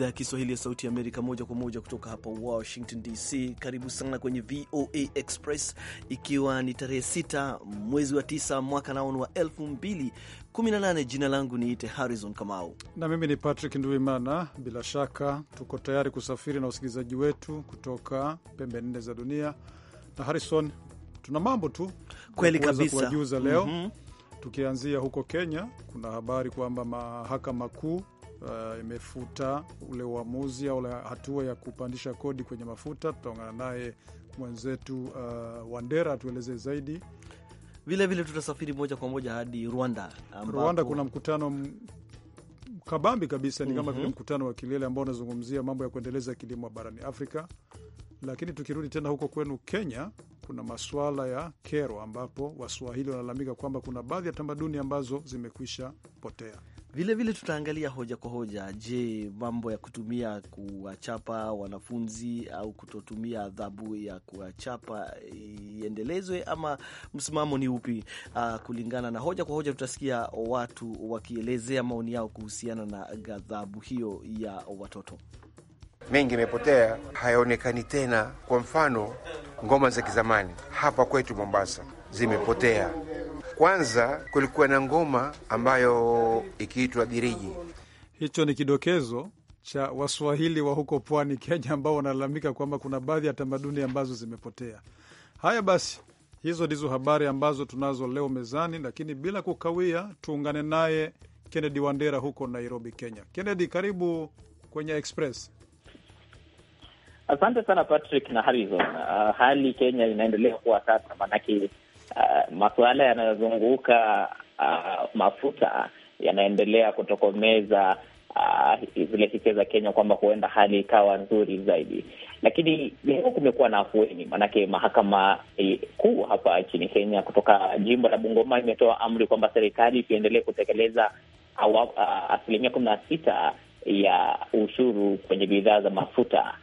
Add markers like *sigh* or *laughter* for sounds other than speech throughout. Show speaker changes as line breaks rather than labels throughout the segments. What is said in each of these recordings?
idhaa ya Kiswahili ya Sauti ya Amerika, moja kwa moja kutoka hapa Washington DC. Karibu sana kwenye VOA Express, ikiwa ni tarehe 6 mwezi wa 9 mwaka naoni wa 2018. Jina langu niite Harrison Kamau
na mimi ni Patrick Nduimana. Bila shaka tuko tayari kusafiri na usikilizaji wetu kutoka pembe nne za dunia. Na Harrison, tuna mambo tu kweli kabisa kuwajuza leo mm -hmm. Tukianzia huko Kenya, kuna habari kwamba mahakama kuu uh, imefuta ule uamuzi au hatua ya kupandisha kodi kwenye mafuta. Tutaungana naye mwenzetu uh, Wandera atueleze zaidi.
Vilevile tutasafiri moja kwa moja hadi Rwanda ambako... Rwanda kuna
mkutano kabambi kabisa ni mm -hmm. kama vile mhm. mkutano wa kilele ambao unazungumzia mambo ya kuendeleza kilimo barani Afrika. Lakini tukirudi tena huko kwenu Kenya, kuna maswala ya kero, ambapo Waswahili wanalalamika kwamba kuna baadhi ya tamaduni ambazo zimekwisha
potea. Vilevile tutaangalia hoja kwa hoja. Je, mambo ya kutumia kuwachapa wanafunzi au kutotumia adhabu ya kuwachapa iendelezwe ama msimamo ni upi? Uh, kulingana na hoja kwa hoja, tutasikia watu wakielezea maoni yao kuhusiana na ghadhabu hiyo ya watoto.
Mengi imepotea, hayaonekani tena. Kwa mfano, ngoma za kizamani hapa kwetu Mombasa zimepotea kwanza kulikuwa na ngoma ambayo ikiitwa biriji.
Hicho ni kidokezo cha Waswahili wa huko pwani Kenya, ambao wanalalamika kwamba kuna baadhi ya tamaduni ambazo zimepotea. Haya basi, hizo ndizo habari ambazo tunazo leo mezani, lakini bila kukawia, tuungane naye Kennedy Wandera huko Nairobi, Kenya. Kennedy, karibu kwenye Express.
Asante sana Patrick na Harrison. Uh, ah, hali Kenya inaendelea kuwa sasa, maanake Uh, masuala yanayozunguka uh, mafuta yanaendelea kutokomeza uh, hisia za Kenya kwamba huenda hali ikawa nzuri zaidi, lakini leo kumekuwa na afueni, maanake mahakama eh, kuu hapa nchini Kenya kutoka jimbo la Bungoma imetoa amri kwamba serikali isiendelee kutekeleza uh, asilimia kumi na sita ya ushuru kwenye bidhaa za mafuta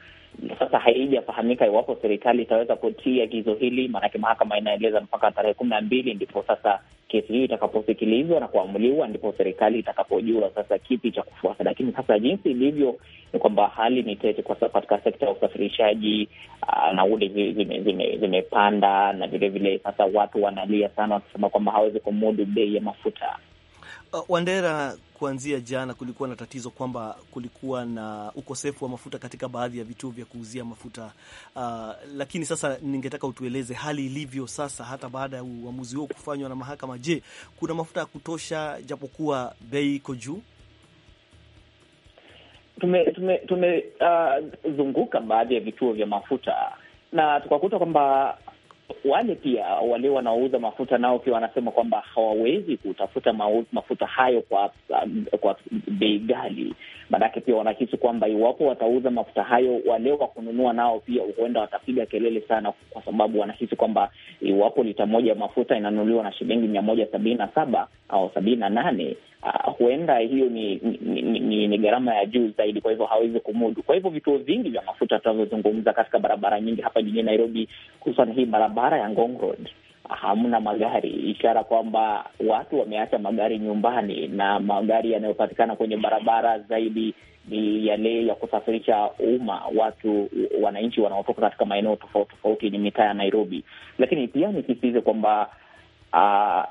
sasa haijafahamika iwapo serikali itaweza kutia agizo hili, maanake mahakama inaeleza mpaka tarehe kumi na mbili ndipo sasa kesi hiyo itakaposikilizwa na kuamuliwa, ndipo serikali itakapojua sasa kipi cha kufuata. Lakini sasa jinsi ilivyo ni kwamba hali ni tete katika sekta ya usafirishaji. Uh, ah, nauli zimepanda na vilevile sasa watu wanalia sana wakisema kwamba hawezi kumudu bei ya mafuta.
Uh, Wandera, kuanzia jana kulikuwa na tatizo kwamba kulikuwa na ukosefu wa mafuta katika baadhi ya vituo vya kuuzia mafuta uh, lakini sasa ningetaka utueleze hali ilivyo sasa, hata baada ya uamuzi huo kufanywa na mahakama. Je, kuna mafuta ya kutosha japokuwa bei iko juu?
Tumezunguka tume, tume, uh, baadhi ya vituo vya mafuta na tukakuta kwamba wale pia wale wanaouza mafuta nao pia wanasema kwamba hawawezi kutafuta mafuta hayo kwa um, kwa bei ghali, maanake pia wanahisi kwamba iwapo watauza mafuta hayo, wale wa kununua nao pia huenda watapiga kelele sana, kwa sababu wanahisi kwamba iwapo lita moja ya mafuta inanunuliwa na shilingi mia moja sabini na saba au sabini na nane uh, huenda hiyo ni, ni, ni, ni, ni gharama ya juu zaidi, kwa hivyo hawezi kumudu. Kwa hivyo vituo vingi vya mafuta tunavyozungumza katika barabara nyingi hapa jijini Nairobi, hususan hii barabara ya Ngong Road hamna magari, ishara kwamba watu wameacha magari nyumbani, na magari yanayopatikana kwenye barabara zaidi ni yale ya kusafirisha umma, watu wananchi wanaotoka katika maeneo tofauti tofauti yenye mitaa ya Nairobi. Lakini pia nisisitize kwamba ah,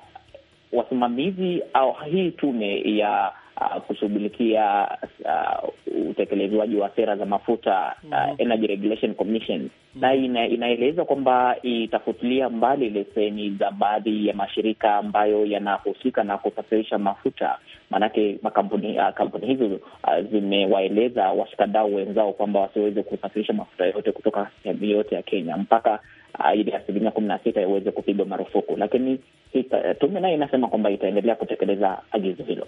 wasimamizi au hii tume ya uh, kushughulikia uh, utekelezwaji wa sera za mafuta uh, mm -hmm. Energy Regulation Commission mm -hmm. na ina, inaeleza kwamba itafutilia mbali leseni za baadhi ya mashirika ambayo yanahusika na kusafirisha mafuta, maanake makampuni uh, kampuni hizo uh, zimewaeleza washikadau wenzao kwamba wasiweze kusafirisha mafuta yote kutoka sehemu yote ya Kenya mpaka uh, ili asilimia kumi na sita iweze kupigwa marufuku, lakini Eh, tume nayo inasema kwamba itaendelea kutekeleza agizo hilo.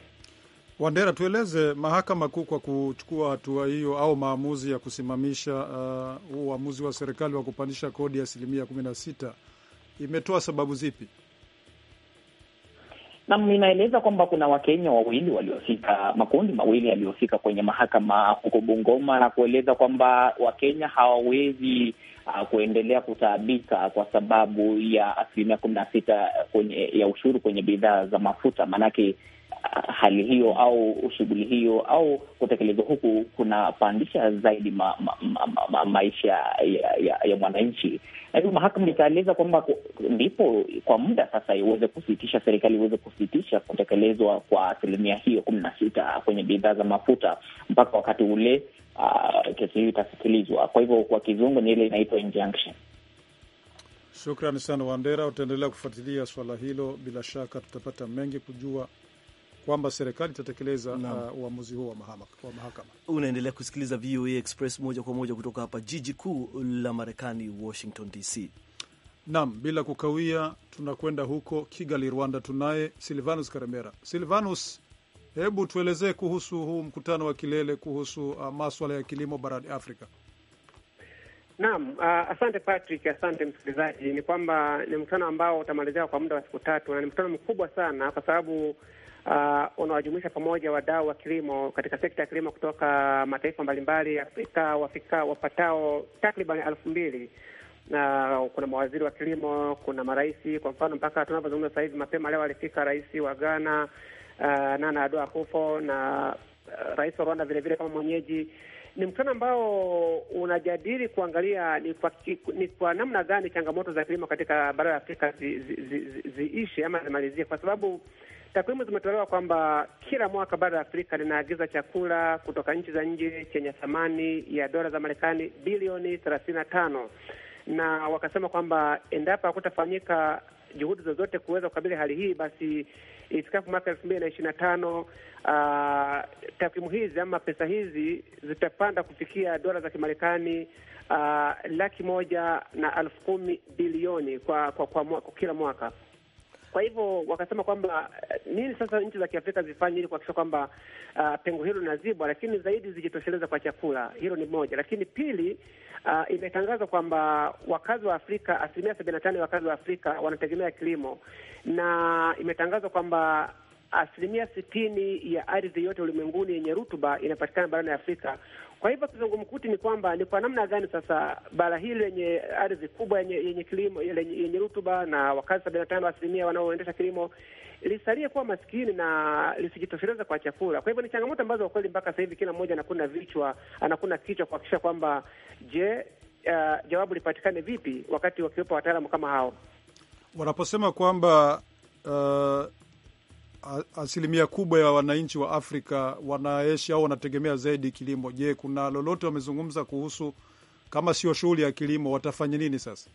Wandera, tueleze mahakama kuu kwa kuchukua hatua hiyo au maamuzi ya kusimamisha huu uh, uamuzi wa serikali wa kupandisha kodi ya asilimia kumi na sita imetoa sababu zipi?
Nam, inaeleza kwamba kuna Wakenya wawili waliofika, makundi mawili yaliyofika kwenye mahakama huko Bungoma na kueleza kwamba Wakenya hawawezi uh, kuendelea kutaabika kwa sababu ya asilimia kumi na sita ya ushuru kwenye bidhaa za mafuta maanake hali hiyo au shughuli hiyo au kutekelezwa huku kunapandisha zaidi ma, ma, ma, ma, ma, maisha ya, ya, ya mwananchi. Na hivyo mahakama ikaeleza kwamba ndipo kwa muda sasa iweze kusitisha, serikali iweze kusitisha kutekelezwa kwa asilimia hiyo kumi na sita kwenye bidhaa za mafuta mpaka wakati ule uh, kesi hiyo itasikilizwa. Kwa hivyo kwa kizungu ni ile inaitwa injunction.
Shukrani sana Wandera, utaendelea kufuatilia swala hilo, bila shaka tutapata mengi kujua kwamba serikali itatekeleza uh, uamuzi huo wa mahakama.
Unaendelea kusikiliza VOA Express moja kwa moja kutoka hapa jiji kuu la Marekani, Washington DC.
Naam, bila kukawia, tunakwenda huko Kigali, Rwanda. Tunaye Silvanus Karemera. Silvanus, hebu tuelezee kuhusu huu mkutano wa kilele kuhusu uh, maswala ya kilimo barani Afrika.
Naam, uh, asante Patrick, asante msikilizaji. Ni kwamba ni mkutano ambao utamalizika kwa muda wa siku tatu na ni mkutano mkubwa sana, kwa sababu uh, unawajumuisha pamoja wadau wa kilimo katika sekta ya kilimo kutoka mataifa mbalimbali Afrika, wafika wapatao takriban elfu mbili na kuna mawaziri wa kilimo, kuna marais. Kwa mfano mpaka tunavyozungumza sasa hivi, mapema leo alifika rais wa Ghana uh, Nana Addo Akufo na uh, rais wa Rwanda vilevile kama mwenyeji. Ni mkutano ambao unajadili kuangalia ni kwa, ni kwa namna gani changamoto za kilimo katika bara la Afrika ziishe zi, zi, zi, zi ama zimalizie, kwa sababu Takwimu zimetolewa kwamba kila mwaka bara la Afrika linaagiza chakula kutoka nchi za nje chenye thamani ya dola za Marekani bilioni thelathini na tano na wakasema kwamba endapo hakutafanyika juhudi zozote kuweza kukabili hali hii, basi ifikapo mwaka elfu mbili na ishirini na tano uh, takwimu hizi ama pesa hizi zitapanda kufikia dola za Kimarekani uh, laki moja na elfu kumi bilioni kwa, kwa, kwa, kwa, kwa kila mwaka. Kwa hivyo wakasema kwamba eh, nini sasa nchi za Kiafrika zifanye ili kuhakikisha kwamba uh, pengo hilo linazibwa, lakini zaidi zijitosheleza kwa chakula. Hilo ni moja, lakini pili, uh, imetangazwa kwamba wakazi wa Afrika asilimia sabini na tano ya wakazi wa Afrika wanategemea kilimo na imetangazwa kwamba asilimia sitini ya ardhi yote ulimwenguni yenye rutuba inapatikana barani Afrika. Kwa hivyo kizungumkuti ni kwamba ni kwa namna gani sasa bara hili lenye ardhi kubwa yenye, yenye kilimo yenye rutuba na wakazi sabini na tano asilimia wanaoendesha kilimo lisalie kuwa maskini na lisijitosheleza kwa chakula. Kwa hivyo ni changamoto ambazo kwa kweli mpaka sasa hivi kila mmoja anakuna vichwa anakuna kichwa kuhakikisha kwamba je, uh, jawabu lipatikane vipi, wakati wakiwepo wataalamu kama hao
wanaposema kwamba uh asilimia kubwa ya wananchi wa Afrika wanaishi au wanategemea zaidi kilimo. Je, kuna lolote wamezungumza kuhusu kama sio shughuli ya kilimo watafanya nini? Sasa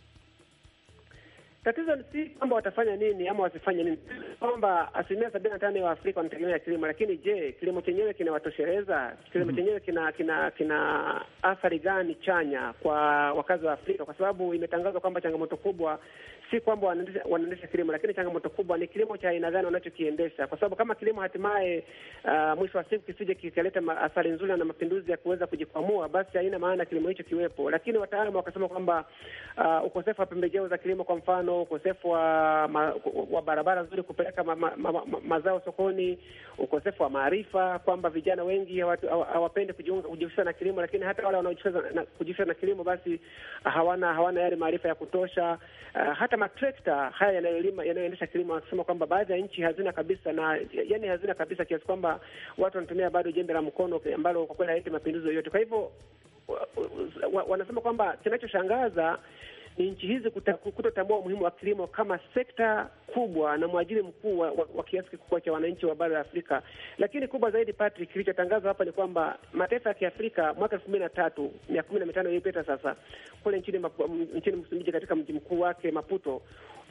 tatizo si kwamba watafanya nini ama wasifanye nini, kwamba asilimia sabini na tano ya Waafrika wanategemea kilimo, lakini je, kilimo chenyewe kinawatosheleza? Kilimo mm -hmm. chenyewe kina kina kina athari gani chanya kwa wakazi wa Afrika? Kwa sababu imetangazwa kwamba changamoto kubwa si kwamba wanaendesha kilimo, lakini changamoto kubwa ni kilimo cha aina gani wanachokiendesha, kwa sababu kama kilimo hatimaye, uh, mwisho wa siku kisije kikaleta athari nzuri na mapinduzi ya kuweza kujikwamua, basi haina maana kilimo hicho kiwepo. Lakini wataalamu wakasema kwamba uh, ukosefu wa pembejeo za kilimo, kwa mfano ukosefu wa, ma, wa barabara nzuri kupeleka ma, ma, ma, ma, mazao sokoni, ukosefu wa maarifa, kwamba vijana wengi hawapendi kujihusisha na kilimo, lakini hata wale wanaojihusisha na, na kilimo basi hawana hawana yale maarifa ya kutosha uh, hata hata matrekta haya yanayolima yanayoendesha kilimo, wanasema kwamba baadhi ya nchi hazina kabisa, na yani hazina kabisa, kiasi kwamba watu wanatumia bado jembe la mkono ambalo kwa kweli haleti mapinduzi yoyote. Kwa hivyo wanasema kwamba kinachoshangaza ni nchi hizi kutotambua umuhimu wa kilimo kama sekta kubwa na mwajiri mkuu wa, wa, wa kiasi kikubwa cha wananchi wa bara la Afrika. Lakini kubwa zaidi, Patrick, kilichotangazwa hapa ni kwamba mataifa ya Kiafrika mwaka elfu mbili na tatu mia kumi na mitano iliyopita sasa, kule nchini, nchini Msumbiji katika mji mkuu wake Maputo,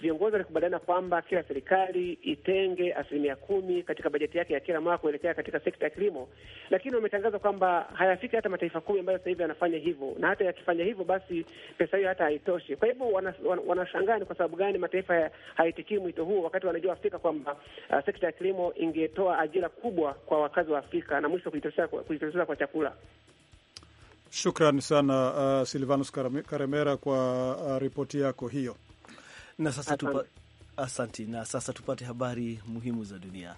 viongozi walikubaliana kwamba kila serikali itenge asilimia kumi katika bajeti yake ya kila mwaka kuelekea katika sekta ya kilimo, lakini wametangaza kwamba hayafiki hata mataifa kumi ambayo sasa hivi yanafanya hivyo, na hata yakifanya hivyo, basi pesa hiyo hata haitoshi nchi. Kwa hivyo wanashangaa wana, ni kwa sababu gani mataifa hayitikii mwito huo, wakati wanajua Afrika kwamba uh, sekta ya kilimo ingetoa ajira kubwa kwa wakazi wa Afrika na mwisho kujitosheleza kwa chakula.
Shukran sana uh, Silvanus
Karemera kwa uh, ripoti yako hiyo, na sasa tupa... asanti. Na sasa tupate habari muhimu za dunia.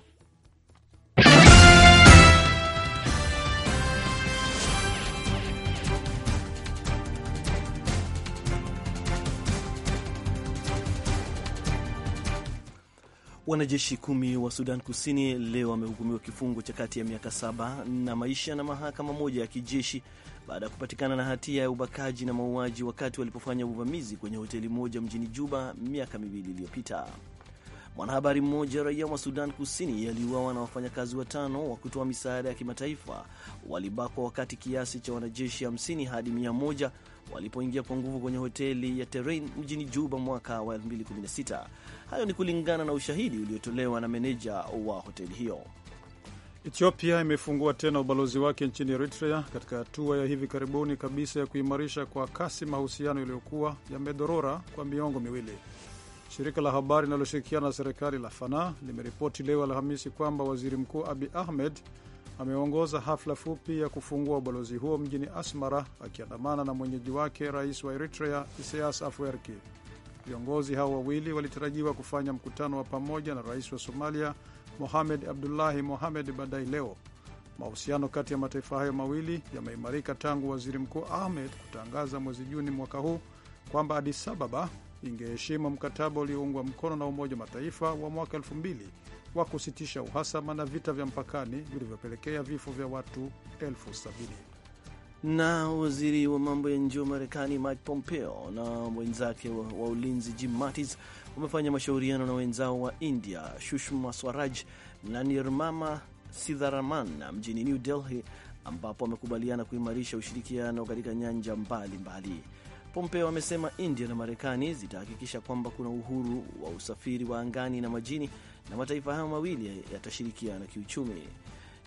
Wanajeshi kumi wa Sudan Kusini leo wamehukumiwa kifungo cha kati ya miaka saba na maisha na mahakama moja ya kijeshi baada ya kupatikana na hatia ya ubakaji na mauaji wakati walipofanya uvamizi kwenye hoteli moja mjini Juba miaka miwili iliyopita. Mwanahabari mmoja raia wa Sudan Kusini aliuawa na wafanyakazi watano wa kutoa misaada ya kimataifa walibakwa wakati kiasi cha wanajeshi 50 hadi walipoingia kwa nguvu kwenye hoteli ya Terrain mjini Juba mwaka wa 2016. Hayo ni kulingana na ushahidi uliotolewa na meneja wa hoteli hiyo. Ethiopia imefungua
tena ubalozi wake nchini Eritrea katika hatua ya hivi karibuni kabisa ya kuimarisha kwa kasi mahusiano yaliyokuwa yamedorora kwa miongo miwili. Shirika la habari linaloshirikiana na serikali la Fana limeripoti leo Alhamisi kwamba waziri mkuu Abi Ahmed ameongoza hafla fupi ya kufungua ubalozi huo mjini Asmara akiandamana na mwenyeji wake rais wa Eritrea Isaias Afwerki. Viongozi hao wawili walitarajiwa kufanya mkutano wa pamoja na rais wa Somalia Mohamed Abdullahi Mohamed baadaye leo. Mahusiano kati ya mataifa hayo mawili yameimarika tangu waziri mkuu Ahmed kutangaza mwezi Juni mwaka huu kwamba Addis Ababa ingeheshima mkataba ulioungwa mkono na Umoja wa Mataifa wa mwaka mbili wa kusitisha uhasama na vita vya mpakani vilivyopelekea vifo vya watu elfu sabini.
Na waziri wa mambo ya nje wa Marekani Mike Pompeo na mwenzake wa, wa ulinzi Jim Mattis wamefanya mashauriano na wenzao wa India Sushma Swaraj na nirmama sidharaman mjini New Delhi ambapo wamekubaliana kuimarisha ushirikiano katika nyanja mbalimbali mbali. Pompeo amesema India na Marekani zitahakikisha kwamba kuna uhuru wa usafiri wa angani na majini na mataifa hayo mawili yatashirikiana kiuchumi.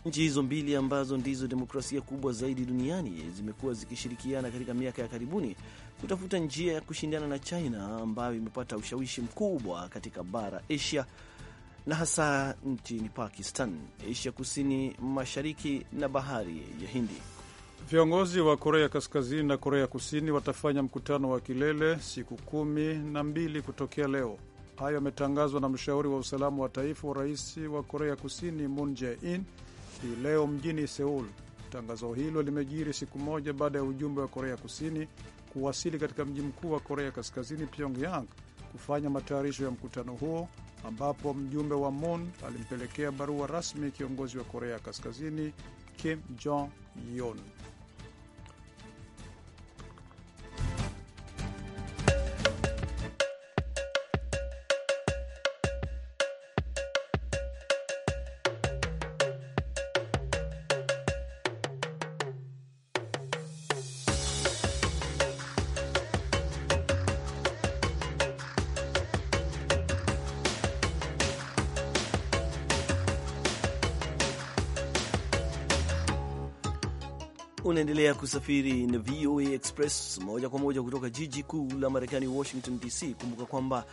Nchi hizo mbili ambazo ndizo demokrasia kubwa zaidi duniani zimekuwa zikishirikiana katika miaka ya karibuni kutafuta njia ya kushindana na China ambayo imepata ushawishi mkubwa katika bara Asia na hasa nchini Pakistan, Asia kusini mashariki na bahari ya Hindi. Viongozi wa Korea Kaskazini na Korea Kusini watafanya
mkutano wa kilele siku kumi na mbili kutokea leo. Hayo yametangazwa na mshauri wa usalama wa taifa wa rais wa Korea Kusini Moon Jae-in hii leo mjini Seul. Tangazo hilo limejiri siku moja baada ya ujumbe wa Korea Kusini kuwasili katika mji mkuu wa Korea Kaskazini Pyongyang kufanya matayarisho ya mkutano huo, ambapo mjumbe wa Moon alimpelekea barua rasmi kiongozi wa Korea Kaskazini Kim Jong Un.
Unaendelea kusafiri na VOA Express moja kwa moja kutoka jiji kuu la Marekani, Washington DC. Kumbuka kwamba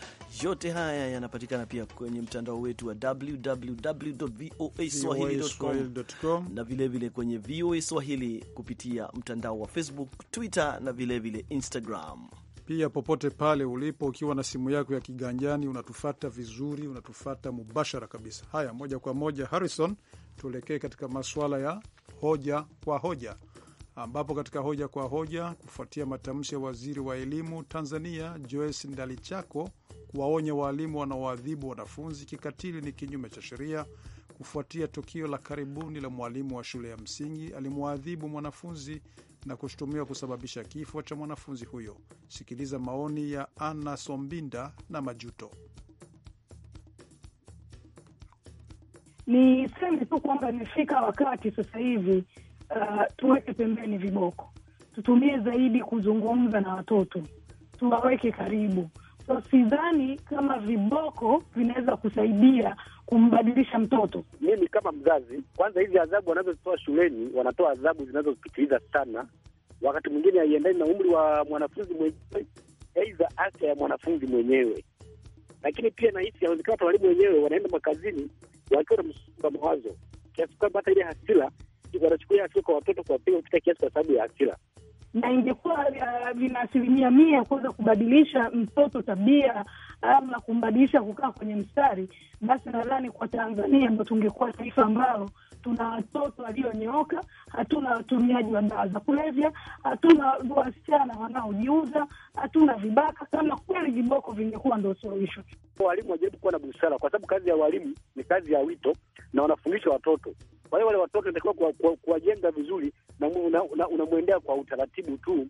yote haya yanapatikana pia kwenye mtandao wetu wa www voa swahili.com na vilevile vile kwenye VOA Swahili kupitia mtandao wa Facebook, Twitter na vilevile vile Instagram.
Pia popote pale ulipo, ukiwa na simu yako ya kiganjani, unatufata vizuri, unatufata mubashara kabisa. Haya, moja kwa moja, Harrison, tuelekee katika masuala ya hoja kwa hoja ambapo katika hoja kwa hoja kufuatia matamshi ya waziri wa elimu Tanzania Joyce Ndalichako kuwaonya waalimu wanaoadhibu wanafunzi kikatili ni kinyume cha sheria, kufuatia tukio la karibuni la mwalimu wa shule ya msingi alimwadhibu mwanafunzi na kushutumiwa kusababisha kifo cha mwanafunzi huyo. Sikiliza maoni ya Anna Sombinda na Majuto.
Niseme tu kwamba imefika wakati sasa hivi uh, tuweke pembeni viboko, tutumie zaidi kuzungumza na watoto, tuwaweke karibu. So sidhani kama viboko vinaweza kusaidia kumbadilisha mtoto.
Mimi kama mzazi, kwanza hizi adhabu wanazozitoa shuleni, wanatoa adhabu zinazopitiliza sana, wakati mwingine haiendani na umri wa mwanafunzi mwenyewe, aidha afya ya mwanafunzi mwenyewe. Lakini pia nahisi inawezekana hata walimu wenyewe wanaenda makazini wakiwa na msongo wa mawazo kiasi kwamba hata ile hasira wanachukua hasira kwa watoto kuwapiga kupita kiasi kwa sababu ya hasira,
na ingekuwa uh, vina asilimia mia kuweza kubadilisha mtoto tabia ama kumbadilisha kukaa kwenye mstari, basi nadhani kwa Tanzania ndo tungekuwa taifa ambalo tuna watoto walionyooka, hatuna watumiaji wa dawa za kulevya, hatuna wasichana wanaojiuza, hatuna vibaka. Kama kweli viboko vingekuwa ndo suluhisho,
walimu wajaribu kuwa na busara, kwa sababu kazi ya walimu ni kazi ya wito na wanafundisha watoto. Kwa wale watoto natakiwa kuwajenga vizuri, unamwendea kwa utaratibu tu,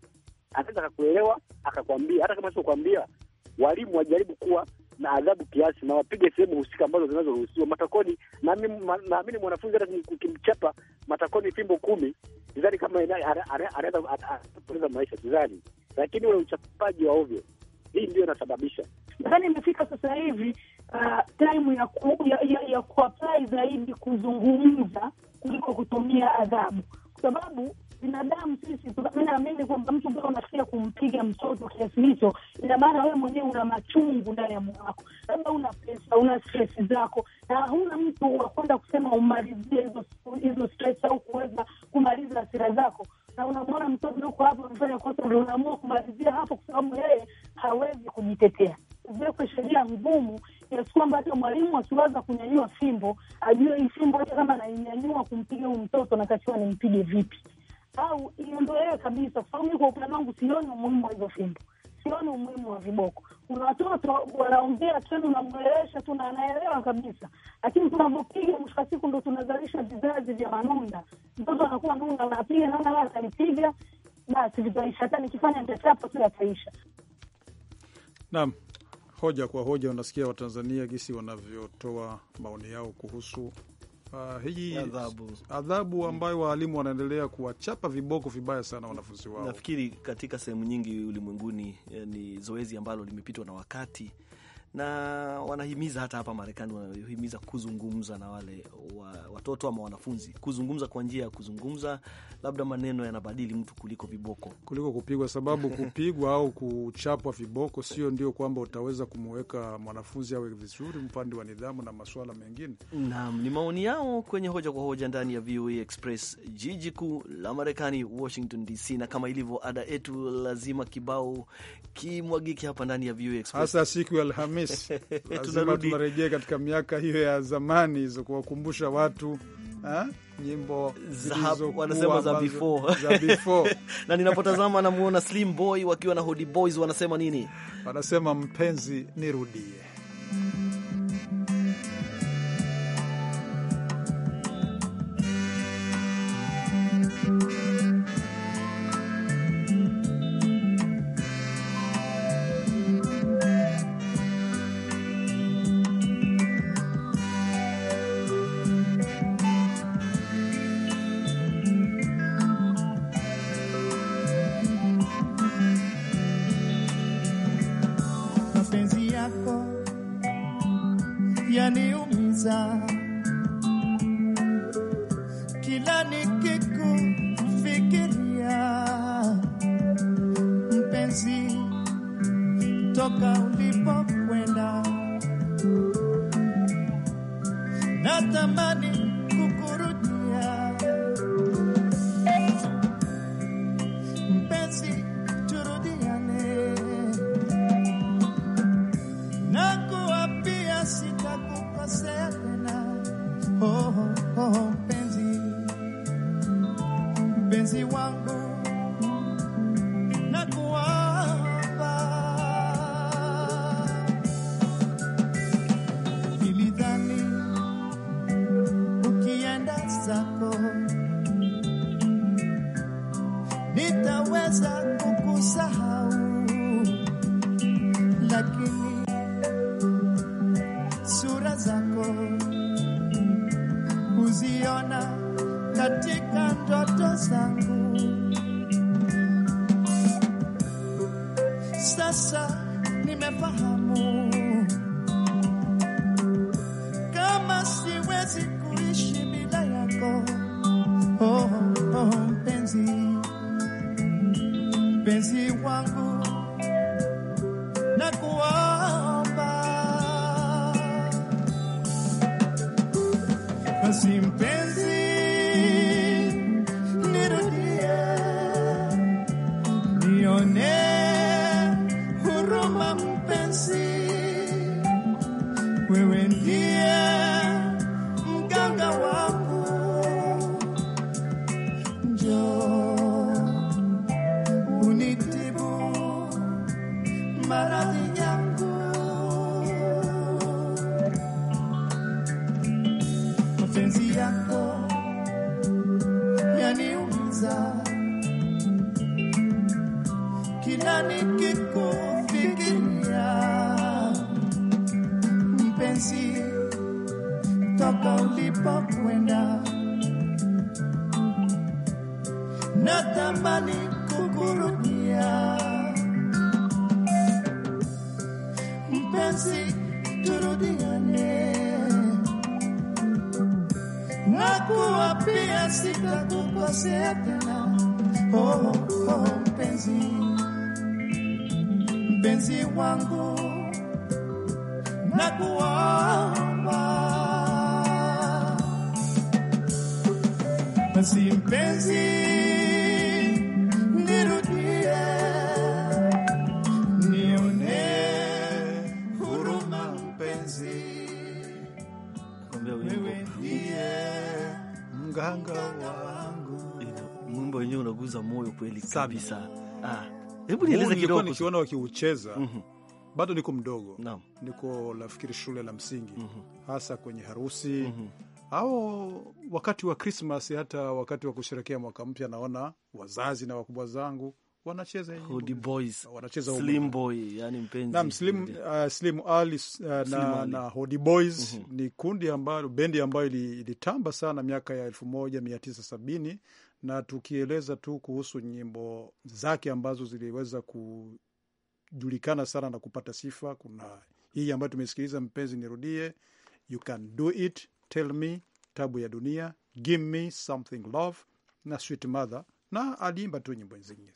anaweza akakuelewa akakwambia. Hata kama sio kwambia, walimu wajaribu kuwa na adhabu kiasi na wapige sehemu husika ambazo zinazoruhusiwa. Matakoni naamini na, mwanafunzi hata ukimchapa matakoni fimbo kumi sidhani kama anaweza kupoteza maisha, sidhani, lakini ule uchapaji wa ovyo, hii ndio inasababisha.
Nadhani imefika sasa hivi uh, time ya, ku, ya, ya, ya kuapply zaidi kuzungumza kuliko kutumia adhabu, kwa sababu binadamu sisi tunaamini kwamba mtu mpaka unafikia kumpiga mtoto kiasi hicho, ina maana wewe mwenyewe una machungu ndani ya moyo wako, labda una pesa, una stresi zako, na huna mtu wa kwenda kusema umalizie hizo hizo stress au kuweza kumaliza hasira zako na unamwona mtoto uko hapo amefanya kosa, ndio unaamua kumalizia hapo, kwa sababu yeye hawezi kujitetea. Ziwekwe sheria ngumu kiasi kwamba hata mwalimu akiweza kunyanyua fimbo ajue hii fimbo, hata kama nainyanyua kumpiga huyu mtoto, natakiwa nimpige vipi, au iondolewe kabisa, kwa sababu kwa upande wangu sioni umuhimu wa hizo fimbo, sioni umuhimu wa viboko. Kuna watoto wanaongea tena, unamwelewesha tu na anaelewa kabisa, lakini tunavyopiga, mwisho wa siku ndo tunazalisha vizazi vya manunda. Mtoto anakuwa nunda, anapiga naona wa atanipiga, basi vitaisha. Hata nikifanya nitachapa tu, yataisha.
Naam hoja kwa hoja, unasikia Watanzania gisi wanavyotoa maoni yao kuhusu Uh, hii adhabu ambayo waalimu wanaendelea kuwachapa viboko vibaya sana
wanafunzi wao. Nafikiri katika sehemu nyingi ulimwenguni eh, ni zoezi ambalo limepitwa na wakati na wanahimiza hata hapa Marekani wanahimiza kuzungumza na wale wa watoto ama wanafunzi kuzungumza kwa njia ya kuzungumza, labda maneno yanabadili mtu kuliko viboko,
kuliko kupigwa, sababu *laughs* kupigwa au kuchapwa viboko sio ndio kwamba utaweza kumweka mwanafunzi awe vizuri mpande wa nidhamu na masuala mengine.
Naam, ni maoni yao kwenye hoja kwa hoja ndani ya VOA Express, jiji kuu la Marekani, Washington DC, na kama ilivyo ada yetu, lazima kibao kimwagike hapa ndani ya VOA Express, hasa siku ya Alhamisi *laughs* lazima tunarejea
katika miaka hiyo ya zamani, hizo kuwakumbusha watu Ha? Eh? nyimbo wanasema za before za before *laughs* na ninapotazama
namuona Slim Boy wakiwa na Hodi Boys wanasema nini? Wanasema mpenzi, nirudie.
na kuwa pia sitakukosea tena. Oh, oh, oh mpenzi, mpenzi wangu na kuwaomba basi mpenzi
kweli kabisa. Ah, hebu nieleze kidogo, nikiona
wakiucheza mm -hmm. Bado niko mdogo no. Niko nafikiri shule la msingi mm -hmm. hasa kwenye harusi mm -hmm au wakati wa Krismas, hata wakati wa kusherekea mwaka mpya, naona wazazi na wakubwa zangu wanacheza Holy Boys, wanacheza Slim Boy,
yani mpenzi na Slim,
uh, Slim Ali, uh, na, na Boys mm -hmm. ni kundi ambayo bendi ambayo ilitamba sana miaka ya elfu moja mia tisa sabini na tukieleza tu kuhusu nyimbo zake ambazo ziliweza kujulikana sana na kupata sifa. Kuna hii ambayo tumesikiliza, mpenzi nirudie, you can do it, tell me, tabu ya dunia, give me something love na sweet mother, na aliimba tu nyimbo zingine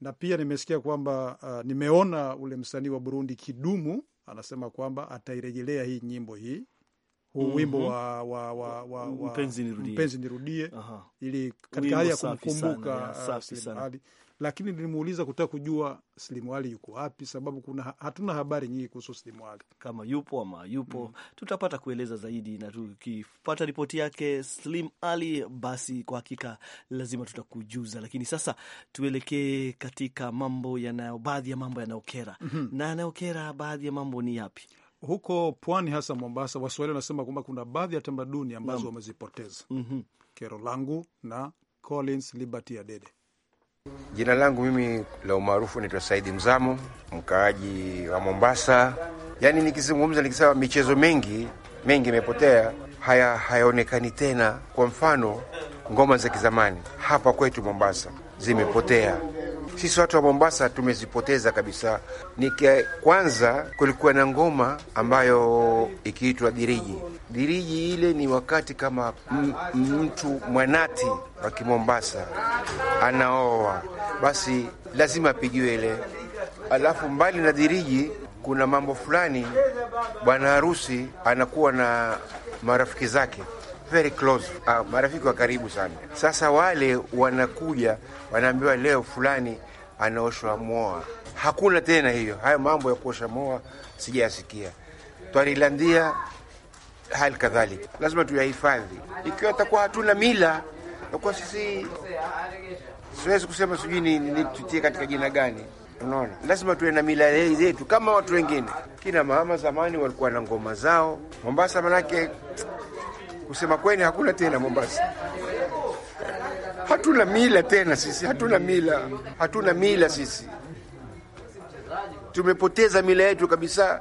na pia nimesikia kwamba uh, nimeona ule msanii wa Burundi Kidumu anasema kwamba atairejelea hii nyimbo hii huu mm -hmm. wimbo wa, wa, wa, wa, wa mpenzi nirudie, mpenzi nirudie. ili katika hali ya kumkumbuka uh, Slimali, lakini nilimuuliza kutaka kujua Slimali
yuko wapi, sababu kuna hatuna habari nyingi kuhusu Slimali kama yupo ama yupo mm -hmm. tutapata kueleza zaidi, na tukipata ripoti yake Slim Ali, basi kwa hakika lazima tutakujuza. Lakini sasa tuelekee katika mambo yanayo, baadhi ya mambo yanayokera mm -hmm. na yanayokera, baadhi ya mambo ni yapi? huko pwani, hasa Mombasa,
Waswahili wanasema kwamba kuna baadhi ya tamaduni ambazo no. wamezipoteza mm -hmm. Kero langu na Collins Liberty Adede.
Jina langu mimi la umaarufu naitwa Saidi Mzamo, mkaaji wa Mombasa. Yaani nikizungumza nikisema michezo mengi mengi imepotea, haya hayaonekani tena. Kwa mfano ngoma za kizamani hapa kwetu Mombasa zimepotea sisi watu wa Mombasa tumezipoteza kabisa. Ni kwanza, kulikuwa na ngoma ambayo ikiitwa diriji. Diriji ile ni wakati kama mtu mwanati wa Kimombasa anaoa, basi lazima apigiwe ile. Alafu mbali na diriji kuna mambo fulani, bwana harusi anakuwa na marafiki zake very close, uh, marafiki wa karibu sana. Sasa wale wanakuja wanaambiwa leo fulani anaoshwa moa. Hakuna tena hiyo, hayo mambo ya kuosha moa sijayasikia. Twarilandia hali kadhalika, lazima tuyahifadhi. Ikiwa takuwa hatuna mila takuwa sisi, siwezi kusema sijui ni, ni tutie katika jina gani. Unaona, lazima tuwe na mila zetu kama watu wengine. Kina mama zamani walikuwa na ngoma zao Mombasa, manake Kusema kweli, hakuna tena Mombasa, hatuna mila tena sisi, hatuna mila, hatuna mila sisi, tumepoteza mila yetu kabisa.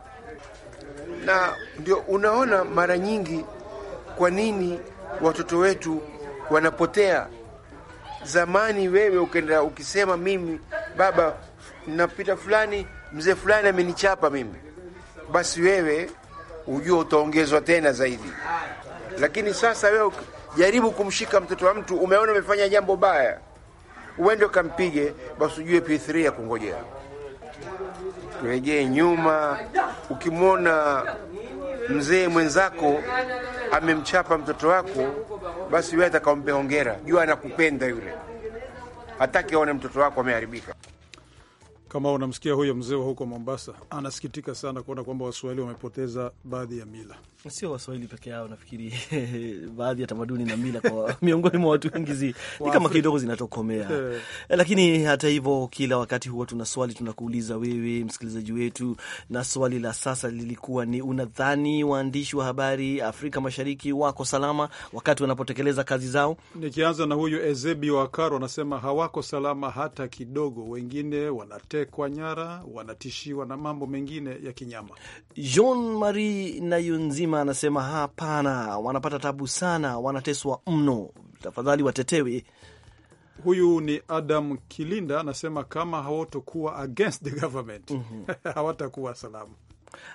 Na ndio unaona mara nyingi kwa nini watoto wetu wanapotea. Zamani wewe ukenda ukisema, mimi baba, napita fulani, mzee fulani amenichapa mimi, basi wewe ujua utaongezwa tena zaidi. Lakini sasa wewe jaribu kumshika mtoto wa mtu, umeona umefanya jambo baya, uende ukampige, basi ujue P3 ya kungojea. tuegee nyuma, ukimwona mzee mwenzako amemchapa mtoto wako, basi wewe atakaombe hongera, jua anakupenda yule, hataki aone mtoto wako ameharibika.
Kama unamsikia huyo mzee wa huko Mombasa, anasikitika sana kuona kwamba Waswahili wamepoteza baadhi ya mila.
Sio Waswahili peke yao, nafikiri *laughs* baadhi ya tamaduni na mila kwa *laughs* miongoni mwa watu wengi zi ni kama kidogo zinatokomea. Eh. Eh, lakini hata hivyo, kila wakati huwa tuna swali tunakuuliza wewe msikilizaji wetu, na swali la sasa lilikuwa ni unadhani waandishi wa habari Afrika Mashariki wako salama wakati wanapotekeleza kazi zao? Nikianza na huyu
Ezebi Wakaro anasema hawako salama hata kidogo, wengine wanatekwa nyara,
wanatishiwa na mambo mengine ya kinyama. Jean Marie Nayunzima Mzima anasema hapana, wanapata tabu sana, wanateswa mno, tafadhali watetewe.
Huyu ni Adam Kilinda anasema kama hawatokuwa against the government mm -hmm. *laughs* hawatakuwa salamu.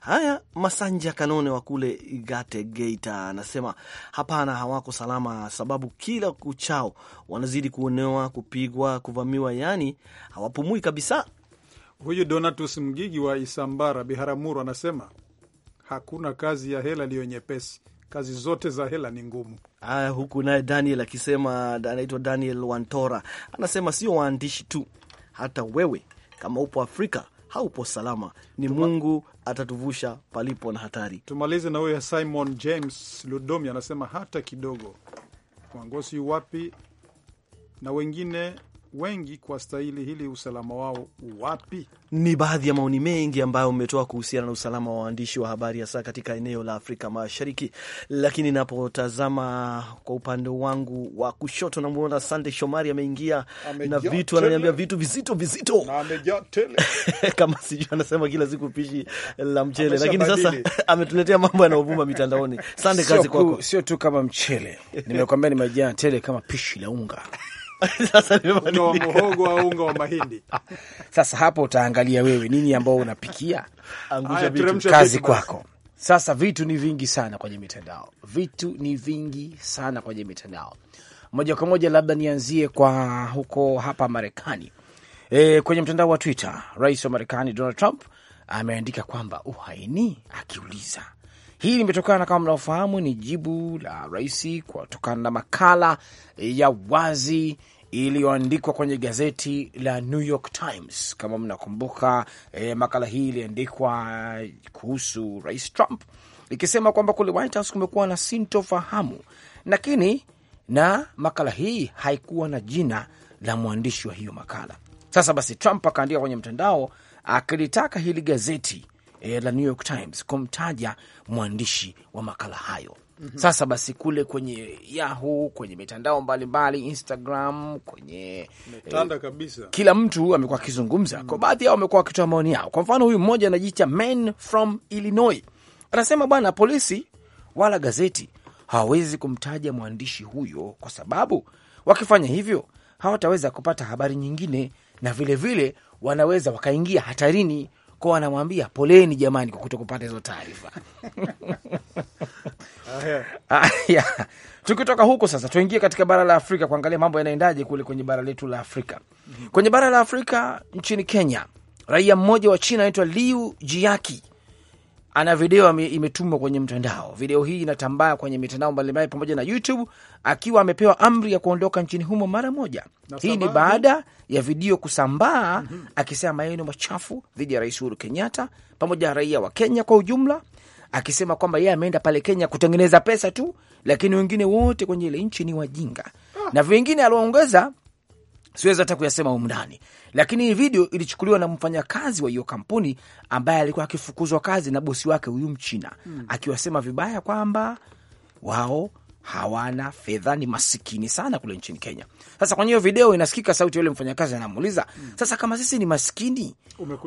Haya, Masanja Kanone wa kule Igate, Geita anasema hapana, hawako salama, sababu kila kuchao wanazidi kuonewa, kupigwa, kuvamiwa, yaani hawapumui kabisa. Huyu
Donatus Mgigi wa Isambara, Biharamuru, anasema hakuna kazi ya hela iliyo nyepesi. Kazi zote za hela ni ngumu.
Haya, huku naye Daniel akisema, anaitwa Daniel Wantora, anasema sio waandishi tu, hata wewe kama upo Afrika haupo salama, ni Tuma... Mungu atatuvusha palipo na hatari.
Tumalize na huyo Simon James Ludomi anasema hata kidogo, wangosi wapi na wengine wengi kwa stahili hili usalama wao wapi?
Ni baadhi ya maoni mengi ambayo umetoa kuhusiana na usalama wa waandishi wa habari hasa katika eneo la Afrika Mashariki. Lakini napotazama kwa upande wangu wa kushoto, namwona Sande Shomari ameingia na vitu, ananiambia vitu vizito vizito *laughs* kama sijui anasema kila siku pishi la mchele, lakini sasa *laughs* ametuletea mambo yanayovuma mitandaoni.
Sande, kazi kwako. Sio tu kama mchele, nimekuambia nimejaa tele kama pishi la unga
*laughs* Sasa unga wa muhogo au unga wa mahindi.
*laughs* Sasa hapo utaangalia wewe nini ambao unapikia. Angusha vitu, kazi kwako. Sasa vitu ni vingi sana kwenye mitandao, vitu ni vingi sana kwenye mitandao. Moja kwa moja, labda nianzie kwa huko hapa Marekani. E, kwenye mtandao wa Twitter, rais wa Marekani Donald Trump ameandika kwamba uhaini, akiuliza hii limetokana kama mnaofahamu, ni jibu la rais kutokana na makala ya wazi iliyoandikwa kwenye gazeti la New York Times. Kama mnakumbuka, eh, makala hii iliandikwa kuhusu rais Trump ikisema kwamba kule White House kumekuwa na sintofahamu, lakini na makala hii haikuwa na jina la mwandishi wa hiyo makala. Sasa basi, Trump akaandika kwenye mtandao akilitaka hili gazeti eh, la New York Times kumtaja mwandishi wa makala hayo. Mm -hmm. Sasa basi kule kwenye Yahoo, kwenye mitandao mbalimbali mbali, Instagram, kwenye eh, kabisa, kila mtu amekuwa akizungumza mm -hmm. Kwa baadhi yao wamekuwa wakitoa maoni yao. Kwa mfano, huyu mmoja anajiita Man from Illinois anasema, bwana, polisi wala gazeti hawawezi kumtaja mwandishi huyo kwa sababu wakifanya hivyo hawataweza kupata habari nyingine, na vilevile vile, wanaweza wakaingia hatarini kwa anamwambia poleni jamani kwa kutokupata hizo taarifa. *laughs* Tukitoka huko sasa, tuingie katika bara la Afrika kuangalia mambo yanaendaje kule kwenye bara letu la Afrika. Kwenye bara la Afrika, nchini Kenya, raia mmoja wa China anaitwa Liu Jiaki ana video imetumwa kwenye mtandao. Video hii inatambaa kwenye mitandao mbalimbali pamoja na YouTube akiwa amepewa amri ya kuondoka nchini humo mara moja. Hii ni baada ya video kusambaa mm -hmm. akisema maneno machafu dhidi ya Rais Uhuru Kenyatta pamoja na raia wa Kenya kwa ujumla, akisema kwamba yeye ameenda pale Kenya kutengeneza pesa tu, lakini wengine wote kwenye ile nchi ni wajinga ah. na vingine aliongeza siwezi hata kuyasema humu ndani, lakini hii video ilichukuliwa na mfanyakazi wa hiyo kampuni ambaye alikuwa akifukuzwa kazi na bosi wake huyu Mchina hmm, akiwasema vibaya kwamba wao hawana fedha, ni masikini sana kule nchini Kenya. Sasa kwenye hiyo video inasikika sauti yule mfanyakazi anamuuliza, hmm. sasa kama sisi ni masikini,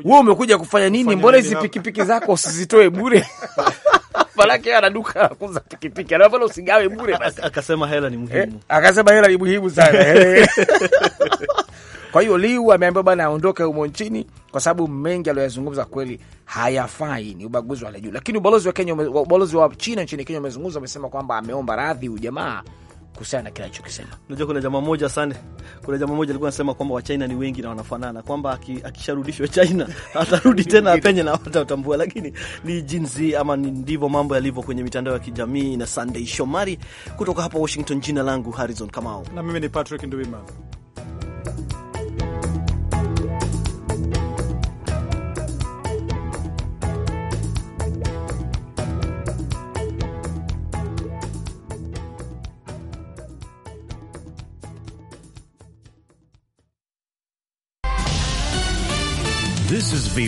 wewe umekuja kufanya nini? Mbona hizi pikipiki zako usizitoe bure? *laughs* Manake ana duka la kuuza pikipiki, anapenda usigawe bure. Basi akasema hela ni eh, muhimu, akasema hela ni muhimu sana *laughs* Kwa hiyo Liu ameambiwa bana aondoke humo nchini kwa sababu mengi aliyoyazungumza kweli hayafai, ni ubaguzi wa hali ya juu. Lakini ubalozi wa Kenya, ubalozi wa China nchini Kenya umezungumza, amesema kwamba ameomba radhi huyu jamaa kuhusiana na kile alichokisema. Unajua, kuna jamaa moja sana,
kuna jamaa moja alikuwa anasema kwamba Wachina ni wengi na wanafanana, kwamba akisharudishwa China *laughs* atarudi tena apenye na watatambua, lakini ni jinsi ama ni ndivyo mambo yalivyo kwenye mitandao ya kijamii. Na Sunday Shomari kutoka hapa Washington, jina langu Harrison Kamau
na mimi ni Patrick Nduwimana.
This is VOA.